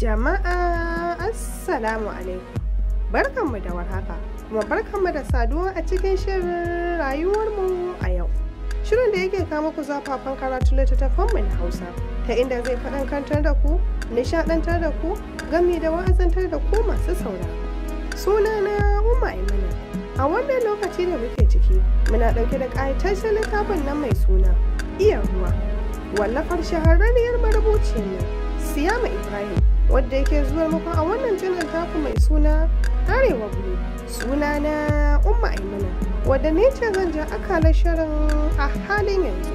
Jama'a Assalamu alaikum barkanmu da warhaka kuma barkanmu da saduwa a cikin shirin rayuwarmu a yau. Shirin da yake kama ku zafafan karatu littattafanmu na Hausa ta inda zai faɗankantar da ku, nishaɗantar da ku, gami da wa'azantar da ku masu Suna na Umma Imana. A wannan lokaci da muke ciki muna ɗauke da ƙayataccen littafin nan mai suna iya ruwa wallafar shahararriyar marubuciyar nan Siyama Ibrahim wadda yake zuwa muku a wannan channel taku mai suna arewa blue suna na umma aimana wadda ne ce zan ja akalar shirin a halin yanzu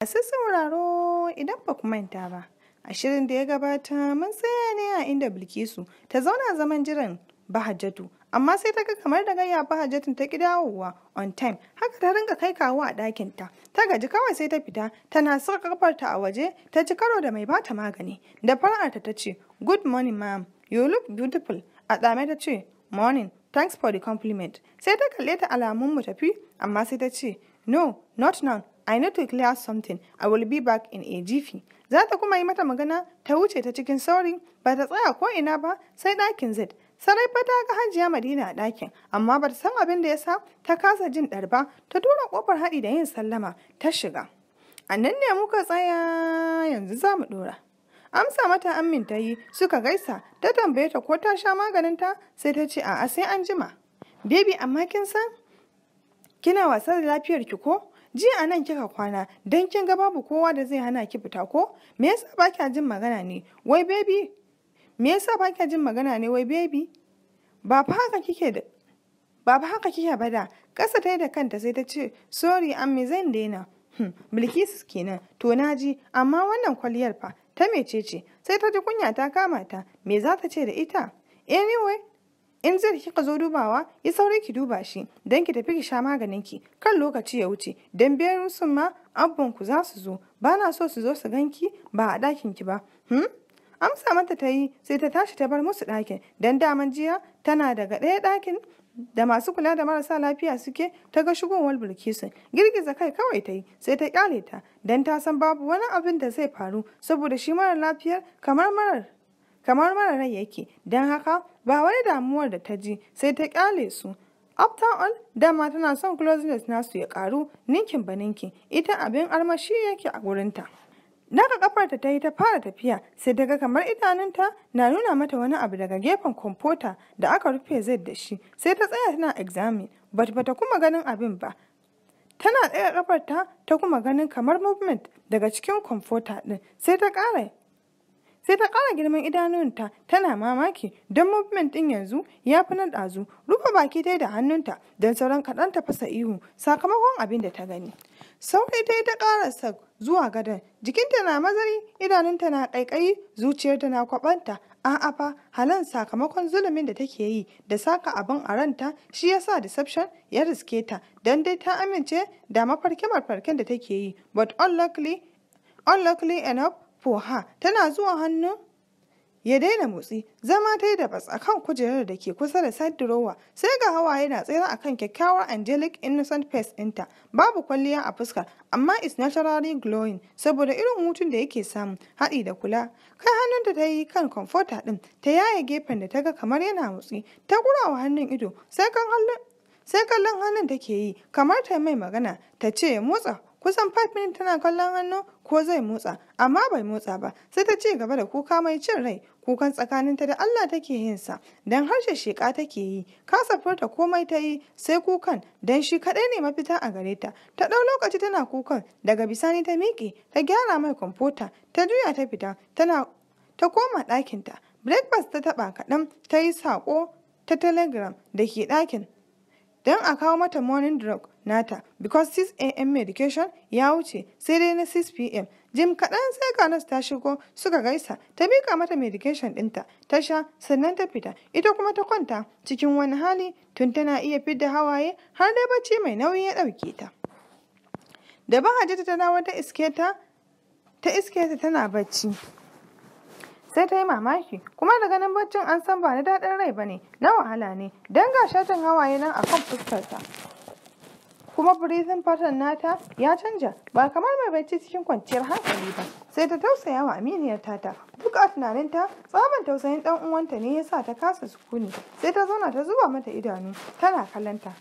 a wuraro idan ba ku manta ba a shirin da ya gabata mun tsaya ne a inda bilkisu ta zauna zaman jiran bahajjatu amma sai ta ga kamar da gayya fa hajjatin ta ki dawowa on time haka ta rinka kai kawo a ɗakin ta ta gaji kawai sai ta fita tana saka kafarta a waje ta ci karo da mai bata magani da fara ta tace good morning ma'am you look beautiful a dame ta ce morning thanks for the compliment sai ta kalle ta alamun mu tafi amma sai ta ce no not now I need to clear something. I will be back in a jiffy. Za ta kuma yi mata magana ta wuce ta cikin sauri ba ta tsaya ko ina ba sai ɗakin Z. Sarai fa ta ga Hajiya Madina a ɗakin, amma ba san abin da ya sa ta kasa jin ɗarba, ta tura ƙofar haɗi da yin sallama, ta shiga. A nan ne muka tsaya yanzu za mu ɗora. Amsa mata amin ta yi suka gaisa, ta tambaye ta ko ta sha maganinta sai ta ce a'a sai an jima. bebi amma kin san kina wasa da lafiyar ki ko? Jiya a nan kika kwana don kin ga babu kowa da zai hana ki fita ko? Me yasa ba kya jin magana ne? Wai bebi. me yasa ba kya jin magana ne wai baby ba fa haka kike da ba fa haka kike bada kasa ta da kanta sai ta ce sorry ammi zan daina hmm, bilkisu kenan to naji amma wannan kwalliyar fa ta ce, sai ta ji kunya ta kama ta me za ta ce da ita anyway in zai kika zo dubawa ya sauri ki duba shi don ki tafi ki sha maganin ki kan lokaci ya wuce don biyar sun ma abban ku za su zo bana so su zo su ganki ba a ɗakin ki ba hmm? amsa mata ta yi sai ta tashi ta bar musu ɗakin don daman jiya tana daga ɗaya ɗakin da masu kula da marasa lafiya suke ta ga shigowar bilkisu girgiza kai kawai ta yi sai ta kyale ta don ta san babu wani abin da zai faru saboda shi marar lafiyar kamar marar kamar mara rai yake don haka ba wani damuwar da ta ji sai ta kyale su after all dama tana son closeness nasu ya karu ninkin ba ninkin ita abin armashi yake a gurinta. Daga kafar ta yi ta fara tafiya sai daga kamar idanunta na nuna mata wani abu daga gefen kwamfuta da aka rufe zai da shi sai ta tsaya tana examin bata bata kuma ganin abin ba. Tana tsaya kafar ta kuma ganin kamar movement daga cikin kwamfuta din sai ta ƙara sai ta ƙara girman idanunta tana mamaki don movement ɗin yanzu ya fi na ɗazu rufe baki dai da hannunta don sauran kaɗan ta fasa ihu sakamakon abin da ta gani. Saurayi ta yi ta ƙarasa zuwa gadon, jikinta na mazari, idanunta na ƙaiƙayi, zuciyarta na kwabanta A'a fa, halan sakamakon zulumin da take yi da saka abin a ranta shi yasa deception ya riske ta, don dai ta amince da mafarke-mafarken da take yi. But unluckily, unluckily enough, for her, tana zuwa hannun ya daina motsi zama ta yi da bas a kan kujerar da ke kusa da side drawer sai ga yana yana a akan kyakkyawar angelic innocent face ɗinta babu kwalliya a fuska amma is naturally glowing saboda irin hutun da yake samu haɗi da kula kai hannunta ta yi kan comforter ɗin ta yaye gefen da ta ga kamar yana motsi ta gurawa hannun ido sai kan hannun sai kallon hannun take yi kamar ta mai magana ta ce ya motsa kusan 5 minutes tana kallon hannu ko zai motsa amma bai motsa ba sai ta ce gaba da kuka mai cin rai kukan tsakaninta da Allah take yin sa dan harshe sheka take yi kasa furta komai ta yi sai kukan dan shi kaɗai ne mafita a gare ta ta ɗau lokaci tana kukan daga bisani ta miƙe ta gyara mai kwamfuta ta juya ta fita tana ta koma ɗakinta breakfast ta taɓa kaɗan ta yi saƙo ta telegram da ke ɗakin don a kawo mata morning drug nata because 6 a.m. medication ya wuce sai dai na 6 p.m. jim kaɗan sai kanas ta shigo suka gaisa ta miƙa mata medication ɗinta ta sha sannan ta fita ita kuma ta kwanta cikin wani hali tun tana iya fidda hawaye har dai bacci mai nauyi ya ɗauke ta da ba hajjata ta dawo ta iske ta ta iske ta tana bacci sai ta yi mamaki kuma da ganin baccin an san ba na daɗin rai ba ne na wahala ne don ga shatin hawaye nan a kan fuskarta kuma breathing fatan nata ya canja ba kamar mai bacci cikin kwanciyar hankali ba sai ta tausaya wa aminiyar tata duk a tunaninta tsaban tausayin dan uwanta ne yasa ta kasa sukuni sai ta zauna ta zuba mata idanu tana kallonta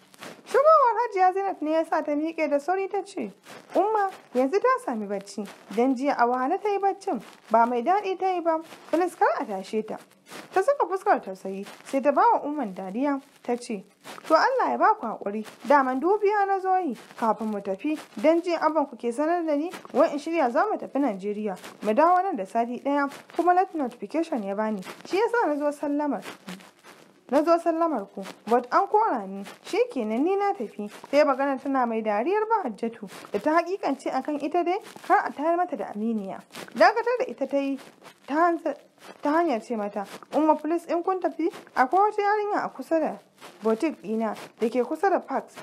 Shigowar Hajiya Zainab ne ya sa ta miƙe da sauri ta ce, Umma yanzu ta sami bacci, don jiya a wahala ta yi baccin, ba mai daɗi ta yi ba, filis kar a tashe ta. Ta saka fuskar tausayi, sai ta bawa umman dariya, ta ce, To Allah ya ba ku haƙuri, daman dubiya na zoyi kafin mu tafi, don jiya abin ku ke sanar da ni, wai in shirya za mu tafi Najeriya, mu dawo nan da sati ɗaya, kuma late notification ya bani, shi yasa na zo sallamar. na zo sallamar ku but an kora ni kenan ni na tafi sai magana tana mai dariyar ba hajjatu da ta hakikance akan ita dai kar a tayar mata da aminiya dakatar da ita ta yi ta hanyar ce mata umma plus in kun tafi akwai wata yarinya a kusa da boutique dina da ke kusa da parks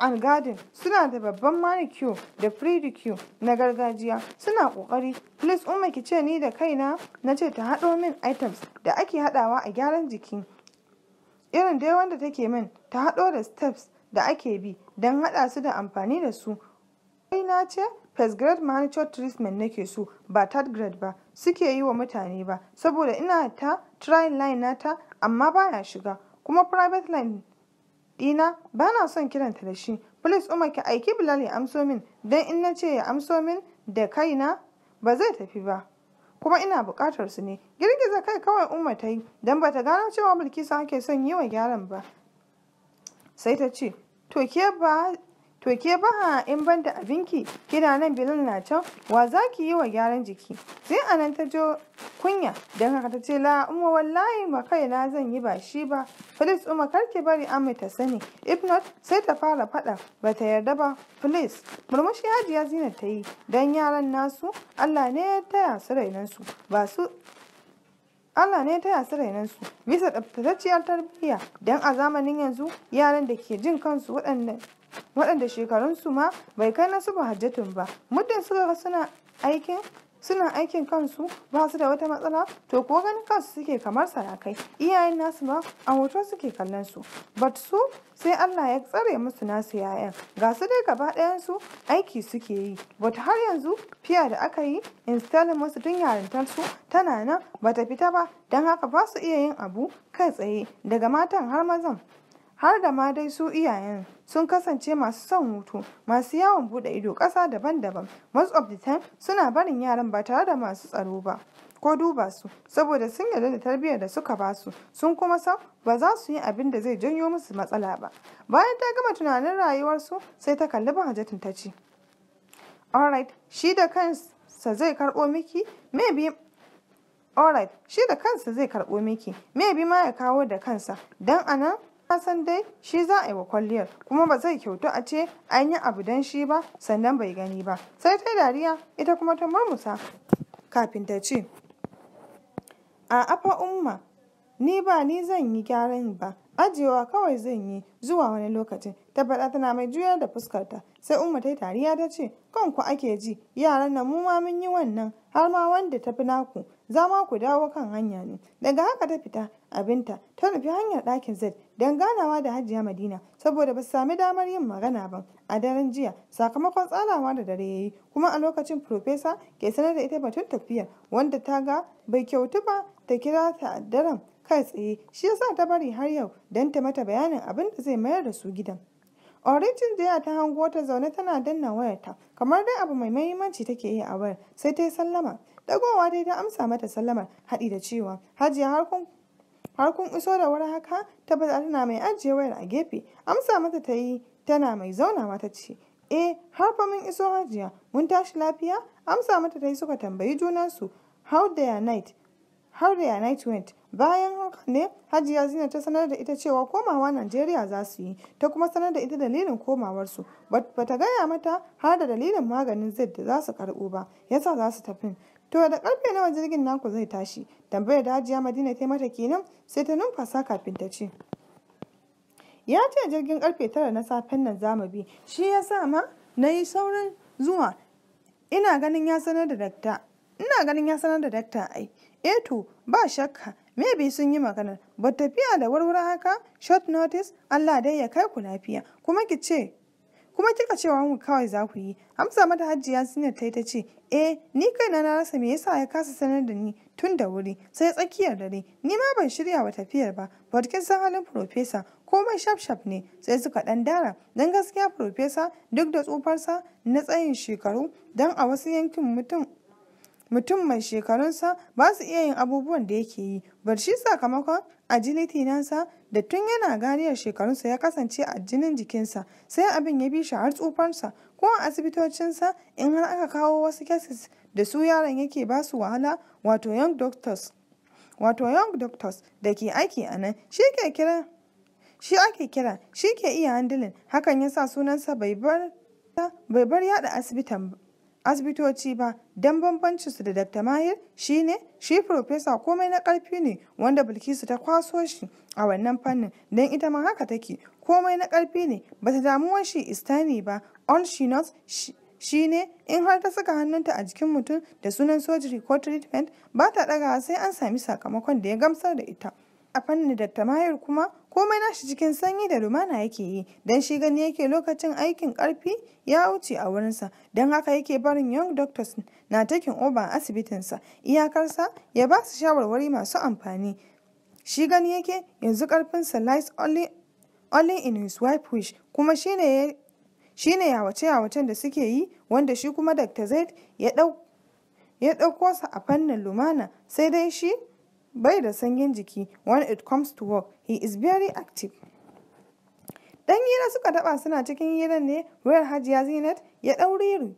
and garden suna da babban manicure da pedicure na gargajiya suna kokari please umma ki ce ni da kaina na ce ta haɗo min items da ake haɗawa a gyaran jiki irin dai wanda take min ta haɗo da steps da ake bi don haɗa su da amfani da su Kai na ce first grade manicure treatment nake so ba third grade ba suke yi wa mutane ba saboda ina ta try line nata amma baya shiga kuma private line dina ba na son kiranta da shi please umar ki aiki bilal ya amso min don in na ce ya amso min da kaina ba zai tafi ba kuma ina bukatar su ne girgiza kai kawai umma ta yi don ba ta gano cewa bilkisu ake son yi wa gyaran ba sai ta ce to ke ba to ke ba in ban da abinki kina nan bilal na can wa za ki yi wa gyaran jiki sai anan ta jo kunya don haka ta ce la umma wallahi ma kaina zan yi ba shi ba please umma kar ki bari amma ta sani if not sai ta fara fada ba ta yarda ba please murmushi hajiya zina ta yi don yaran nasu allah ne ya taya su su ba su Allah ne ta rainan rainansu bisa tsaftatacciyar tarbiyya dan a zamanin yanzu yaran da ke jin kansu wadannan. waɗanda shekarunsu ma bai kai na suba hajjatun ba muddin suka suna aikin suna aikin kansu ba su da wata matsala to ko ganin kansu suke kamar sarakai iyayen nasu ba a hoto suke kallon su but su sai Allah ya tsare musu nasu yayan ga su dai gaba ɗayansu aiki suke yi but har yanzu fiya da aka yi installing musu tun yarintar tana nan ba ta fita ba don haka ba su iya yin abu kai tsaye daga matan har mazan har da ma dai su iyayen sun kasance masu son hutu masu yawon bude ido ƙasa daban-daban most of the time suna barin yaran ba tare da masu tsaro ba ko duba su saboda sun yarda da tarbiyyar da suka ba su sun kuma san ba za su yi abin da zai janyo musu matsala ba bayan ta gama tunanin rayuwarsu sai ta kalli hajjatin ta ce alright shi da kansa zai karɓo miki maybe alright shi da kansa zai karɓo miki maybe ma ya kawo da kansa dan anan san dai shi za a yi wa kwalliyar kuma ba zai kyautu a ce an yi abu don shi ba sannan bai gani ba sai ta dariya ita kuma ta murmusa kafin ta ce a afa umma ni ba ni zan yi gyaran ba ajiyewa kawai zan yi zuwa wani lokacin ta faɗa tana mai juya da fuskarta sai umma ta yi tariya ta ce kanku ake ji yaran nan mu ma mun yi wannan har ma wanda tafi naku za zama ku dawo kan hanya ne daga haka ta fita abinta ta nufi hanyar ɗakin z don ganawa da hajiya madina saboda ba su sami damar yin magana ba a daren jiya sakamakon tsalawa da dare ya yi kuma a lokacin profesa ke sanar da ita batun tafiyar wanda ta ga bai kyautu ba ta kira ta daren kai tsaye shi ya sa ta bari har yau don ta mata bayanin abin da zai mayar da su gidan Origin da ta hango ta zaune tana danna wayarta kamar dai abu mai mahimmanci take yi a wayar sai ta yi sallama dagowa dai ta amsa mata sallamar haɗi da cewa hajiya har kun iso da wuri haka tabbata tana mai ajiye wayar a gefe amsa mata ta yi tana mai zaunawa ta ce eh har fa mun iso hajiya mun tashi lafiya amsa mata ta yi suka tambayi junansu how their night how their night went bayan haka ne hajiya zina ta sanar da ita cewa komawa najeriya za su yi ta kuma sanar da ita dalilin komawarsu bata gaya mata har da dalilin maganin zid da za su karɓo ba yasa za su tafi To da karfe nawa jirgin naku zai tashi? Tambayar da Hajiya Madina ta mata kenan sai ta numfasa kafin ta ce. Ya ce jirgin karfe tara na safen nan za mu bi, shi ya sa ma na yi saurin zuwa. Ina ganin ya sanar da dakta. Ina ganin ya sanar da dakta ai. Eh to ba shakka me bi sun yi magana. Ba tafiya da warware haka short notice Allah dai ya kai ku lafiya. Kuma ki ce kuma kika cewa mu kawai za ku yi amsa mata hajjiya sinar ta yi ta ce e ni kai na rasa me yasa ya kasa sanar da ni tun da wuri sai tsakiyar dare ni ma ban shirya wa tafiyar ba but san halin profesa ko shaf shaf ne sai suka dan dara dan gaskiya profesa duk da tsufarsa na tsayin shekaru dan a wasu yankin mutum mutum mai shekarunsa ba su iya yin abubuwan da yake yi bar shi sakamakon agility nansa da tun yana ganiyar shekarunsa ya kasance a jinin jikinsa sai abin ya bi shi har tsufarsa ko a asibitocinsa in har aka kawo wasu cases da su yaron yake ba su wahala wato young doctors wato young doctors da ke aiki a nan shi ke kira shi ake kira shi ke iya handilin hakan yasa sunansa bai bar bai yada asibitin ba asibitoci ba don bambancin su da Dr. Mahir shine shi profesa komai na ƙarfi ne wanda Bilkisu ta kwaso shi a wannan fannin don ita ma haka take komai na ƙarfi ne ba ta damuwar shi istani ba all she knows shi ne in har ta saka hannunta a jikin mutum da sunan sojiri ko treatment ba ta ɗaga sai an sami sakamakon da ya gamsar da ita. a fanni da tamayar kuma komai nashi cikin sanyi da lumana yake yi don shi gani yake lokacin aikin karfi ya wuce a wurinsa don haka yake barin young doctors na takin oba asibitinsa iyakarsa ya ba su shawarwari masu amfani shi gani yake yanzu karfinsa lies only, in his wife wish kuma shine ya wace yawace-yawacen da suke yi wanda shi kuma dr zaid ya ɗauko sa a fannin lumana sai dai shi bai da sanyin jiki when it comes to work he is very active dan hira suka taɓa suna cikin hiran ne wayar hajiya zinat ya dauriri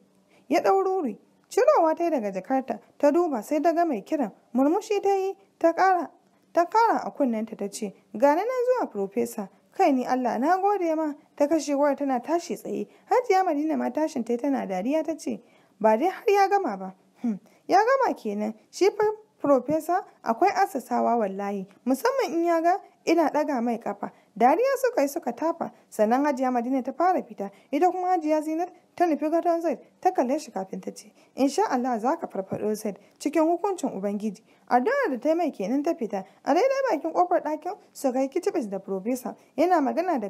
ya daururi cirowa ta daga jakarta ta duba sai daga mai kiran murmushi ta yi ta kara ta kara a kunnenta ta ce gane na zuwa profesa kai ni Allah na gode ma ta kashe wayar tana tashi tsaye hajiya madina ma tashin ta tana dariya ta ce ba dai har ya gama ba hmm, ya gama kenan shi fa Profesa, akwai asasawa wallahi, musamman in ya ga ina ɗaga mai kafa. Dariya suka yi suka tafa, sannan Hajiya Madina ta fara fita, ita kuma Hajiya zinar ta nufi gadon Zaid, ta kalle shi kafin ta ce, Insha Allah za ka farfaɗo Zaid cikin hukuncin Ubangiji. Addu'ar da ta mai kenan ta fita, a daidai bakin kofar ɗakin su kai kitibis da Profesa, yana magana da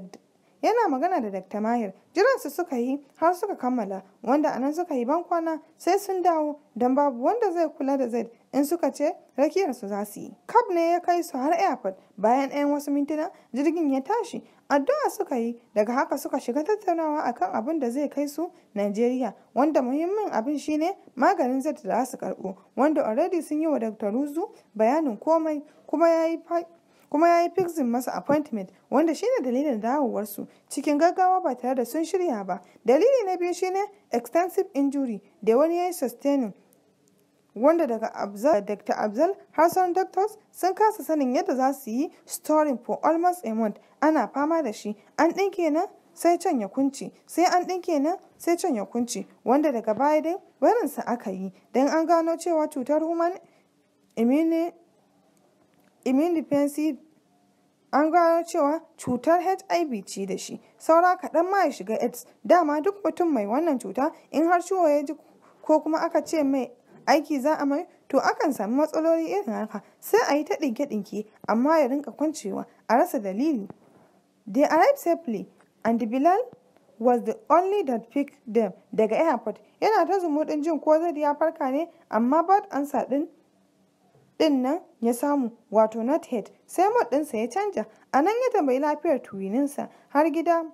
yana magana da Dr. jiran su suka yi har suka kammala wanda anan suka yi bankwana sai sun dawo don babu wanda zai kula da zai in suka ce rakiyar su za su yi. Kab ne ya kai su har airport bayan 'yan wasu mintuna jirgin ya tashi addu'a suka yi daga haka suka shiga tattaunawa akan abin da zai kai su nigeria wanda muhimmin abin shine maganin zai da za su karɓo wanda already sun yi wa Dr. Ruzu bayanin komai kuma ya yi kuma ya yi fixing masa appointment wanda shine dalilin dawowarsu cikin gaggawa ba tare da sun shirya ba dalili na biyu shine extensive injury da wani ya yi sustaining wanda daga Abzal, Dr. Abzal har doctors sun kasa sanin yadda za su yi storing for almost a month ana fama da shi an ɗinke nan sai can ya kunci sai an ɗinke na sai can ya kunci wanda daga baya dai barinsa aka yi don an gano cewa cutar human immune immunodefensive an gano cewa cutar HIV ce da shi saura kaɗan ma ya shiga AIDS dama duk mutum mai wannan cuta in har ciwo ya ji ko kuma aka ce mai aiki za a mai to akan sami matsaloli irin haka sai a yi ta ɗinke-ɗinke amma ya rinka kwancewa a rasa dalili. They arrived safely and Bilal was the only that picked them daga airport yana ta zumuɗin jin ko zai ya farka ne amma bad ansa ɗin ɗin nan ya samu wato not head sai mod ɗinsa ya canja a nan ya tambayi lafiyar tuwininsa har gida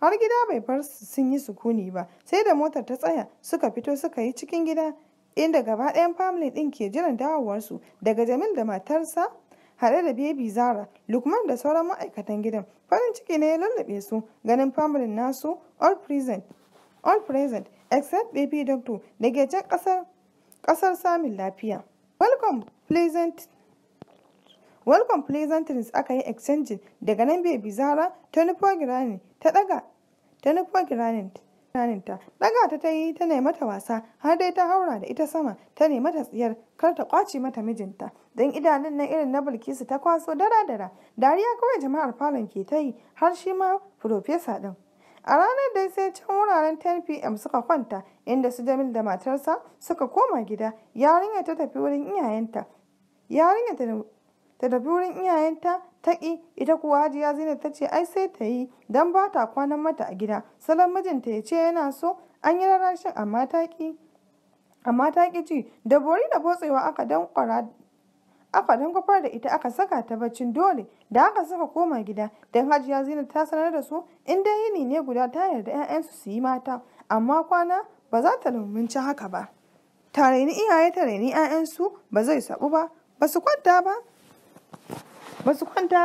har gida bai bar sun yi sukuni ba sai da motar ta tsaya suka fito suka yi cikin gida inda gaba ɗayan family ɗin ke jiran dawowarsu daga jamil da matarsa haɗe da baby zara lukman da sauran ma'aikatan gidan farin ciki ne ya lullube su ganin family nasu all present all present except baby doctor da ke can ƙasar samun lafiya welcome pleasant welcome pleasantries aka yi exchanging daga nan bai zara ta nufo giranin ta daga ta ta daga ta ta yi ta ne mata wasa har dai ta haura da ita sama ta ne mata tsiyar kar ta kwace mata mijinta don idanun nan irin na bulkisu ta kwaso dara dara dariya kawai jama'ar falon ke ta yi har shi ma profesa din A ranar dai sai can wuraren 10 pm suka kwanta inda su Jamil da matarsa suka koma gida yarinya ta tafi wurin iyayenta. Yarinya ta tafi wurin iyayenta ta ƙi ita kuwa hajiya Zainab ta ce ai sai ta yi don ba ta kwanan mata a gida. Salon mijinta ya ce yana so an yi rarashin amma ta ƙi. ji da bori da botsewa aka dankwara aka dangwafar da ita aka saka ta baccin dole da aka saka koma gida don hajiya zina ta sanar da su in dai yini ne guda ta yarda 'ya'yansu su yi mata amma kwana ba za ta lumunci haka ba Tare ni iyaye tare ni 'ya'yansu ba zai sabu ba ba su kwanta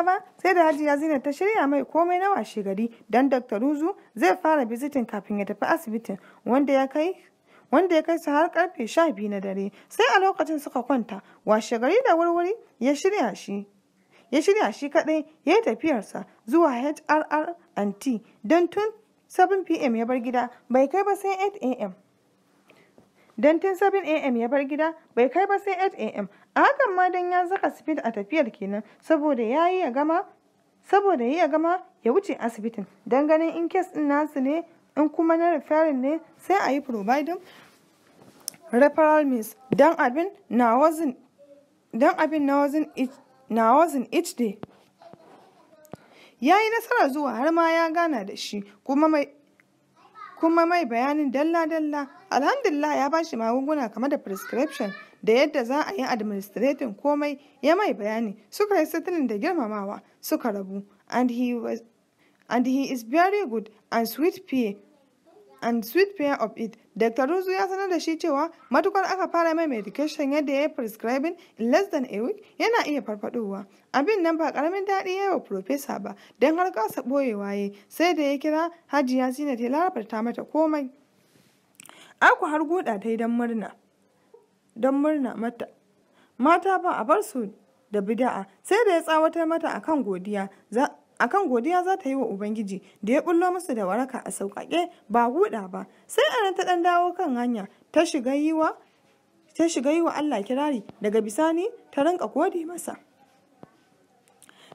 ba sai da hajiya zina ta shirya mai komai na washe gari don dr ruzu zai fara bizitin kafin ya tafi asibitin wanda ya kai wanda ya kai su har karfe sha biyu na dare sai a lokacin suka kwanta washe gari da wurwuri ya shirya shi ya shirya shi kadai ya yi tafiyarsa zuwa HRR t don tun 7 pm ya bar gida bai kai ba sai 8 am don tun 7 am ya bar gida bai kai ba sai 8 am a hakan ma don ya zaka speed a tafiyar kenan saboda ya yi ya gama saboda ya gama ya wuce asibitin don ganin in kes din nasu ne in kuma na referral ne sai a yi providing referral means don abin na wazin don abin na each, day ya yi nasara zuwa har ma ya gana da shi kuma mai kuma bayanin dalla-dalla alhamdulillah ya bashi magunguna kamar da prescription da yadda za a yi administrating komai ya mai bayani suka yi sitinin da girmamawa suka rabu and he was and he is very good and sweet pea and sweet pair of it. Dr. Ruzu ya sanar da shi cewa matukar aka fara mai medication yadda ya yi prescribing in less than a week yana iya farfadowa. Abin nan ba karamin daɗi ya yi wa profesa ba don har kasa ɓoyewa ya sai da ya kira ya Zina ta ta mata komai. Aku har guda ta yi don murna. Don murna mata. Mata ba a bar su da bida'a sai da ya tsawatar mata akan godiya. akan godiya za ta yi wa ubangiji da ya bullo musu da waraka a sauƙaƙe ba guda ba sai anan ta ɗan dawo kan hanya ta shiga yi wa ta shiga yi wa Allah kirari daga bisani ta rinka gode masa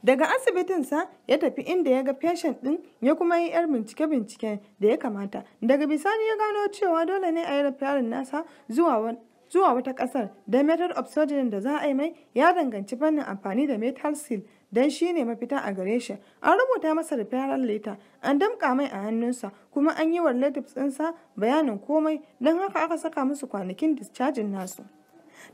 daga asibitin sa ya tafi inda ya ga feshen ɗin ya kuma yi 'yar bincike-bincike da ya kamata daga bisani ya gano cewa dole ne a yi rafiyarin nasa zuwa zuwa wata ƙasar da metal of surgery da za a yi mai ya danganci fannin amfani da metal seal don shi ne mafita a gare shi an rubuta masa referral leta an damka mai a hannunsa kuma an yi wa relatives ɗinsa bayanin komai don haka aka saka musu kwanakin discharging nasu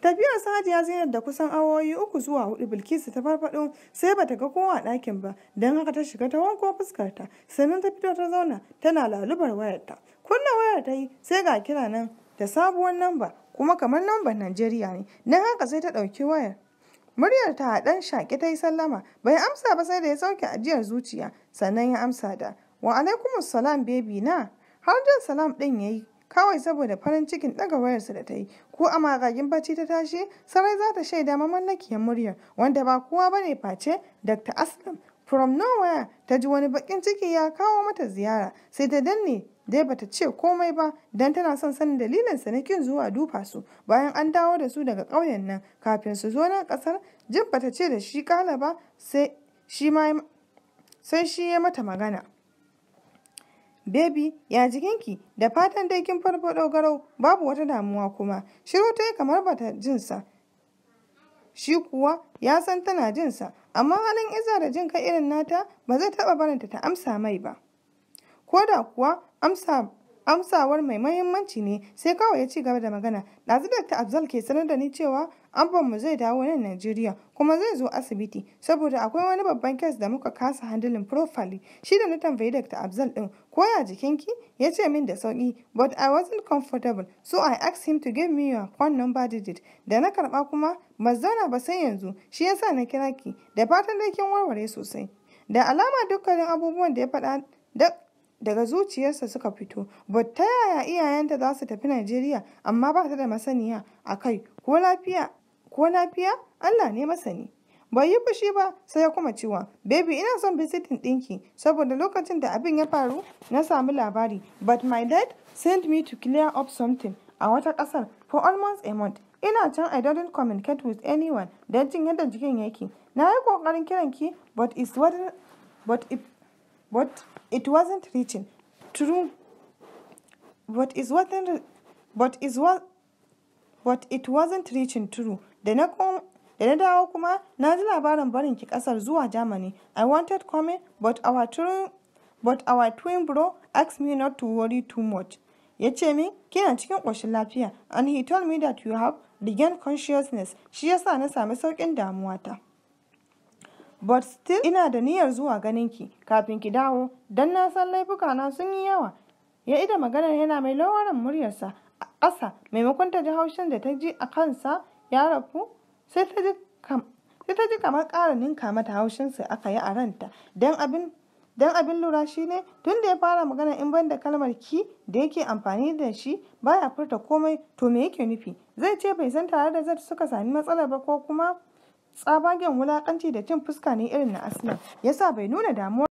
tafiyar ya zinar da kusan awoyi uku zuwa hudu bilkisu ta farfado sai bata ga kowa dakin ba don haka ta shiga ta wanko fuskarta sannan ta fito ta zauna tana lalubar wayarta kunna wayar ta yi sai ga kira nan da sabuwar namba kuma kamar lambar najeriya ne don haka sai ta ɗauki wayar Muryar ta haɗan shaƙi ta yi sallama, bai amsa ba sai da ya sauke ajiyar zuciya, sannan ya amsa da, wa alaikum salam bebi na, har jan salam ɗin ya yi, kawai saboda farin cikin ɗaga wayarsa da ta yi, ko a magagin bacci ta tashi, sarai za ta shaida mamallakiyar muryar, wanda ba kowa ba ne face Dr. Aslam. From nowhere ta ji wani baƙin ciki ya kawo mata ziyara, sai ta danne dai bata ce komai ba don tana son sanin dalilinsa na kin zuwa dufa su bayan an dawo da su daga ƙauyen nan kafin su zo nan ƙasar jin bata ce da shi kala ba sai shi ya mata magana Baby, ya jikinki da fatan dai kin farfa garau babu wata damuwa kuma shiru ta yi kamar bata jinsa shi kuwa ya san tana jinsa amma halin iza da jin ka irin nata ba zai taɓa barinta ta amsa mai ba ko da kuwa amsa amsawar mai mahimmanci ne sai kawai ya ci gaba da magana ɗazu dakta abzal ke sanar da ni cewa mu zai dawo nan najeriya kuma zai zo asibiti saboda akwai wani babban kes da muka kasa handling profile shi da na tambayi dakta abzal din koya jikinki ya ce min da sauki but i wasn't comfortable so i asked him to give me your phone number digit da na karba kuma ba zauna ba sai yanzu shi yasa na kira ki da fatan dai kin warware sosai da alama dukkanin abubuwan da ya faɗa daga zuciyarsa suka fito but ta yaya iyayenta za su tafi najeriya amma ba ta da masaniya a kai ko lafiya ko lafiya allah ne masani bai yi fushi ba sai ya kuma cewa baby ina son visiting ɗinki saboda lokacin da abin ya faru na sami labari but my dad sent me to clear up something a wata ƙasar for almost a month ina can i don't communicate with anyone don jin yadda jikin yake na yi ƙoƙarin kiranki but it but it wasn't written. True, but it wasn't, but it was, but it wasn't reaching true. The next one. Da na dawo kuma na ji labarin barin Germany. I wanted coming but our twin but our twin bro asked me not to worry too much. Ya ce min kina cikin ƙoshin lafiya and he told me that you have regained consciousness. Shi yasa na sami sauƙin damuwata. but still ina da niyyar zuwa ganin ki kafin ki dawo don na san laifuka na sun yi yawa ya ida maganar yana mai lawaran muryarsa a ƙasa maimakon ta ji haushin da ta ji a kansa ya rafu sai ta ji kamar ƙara ninka mata su aka yi a ranta don abin lura abin lura shine tun da ya fara magana in banda kalmar ki da yake amfani da shi baya furta komai to me yake nufi zai ce bai san tare da zai suka sami matsalar ba ko kuma Tsabagen wulaƙanci da cin fuska ne irin na Aslam yasa bai nuna damuwa ba.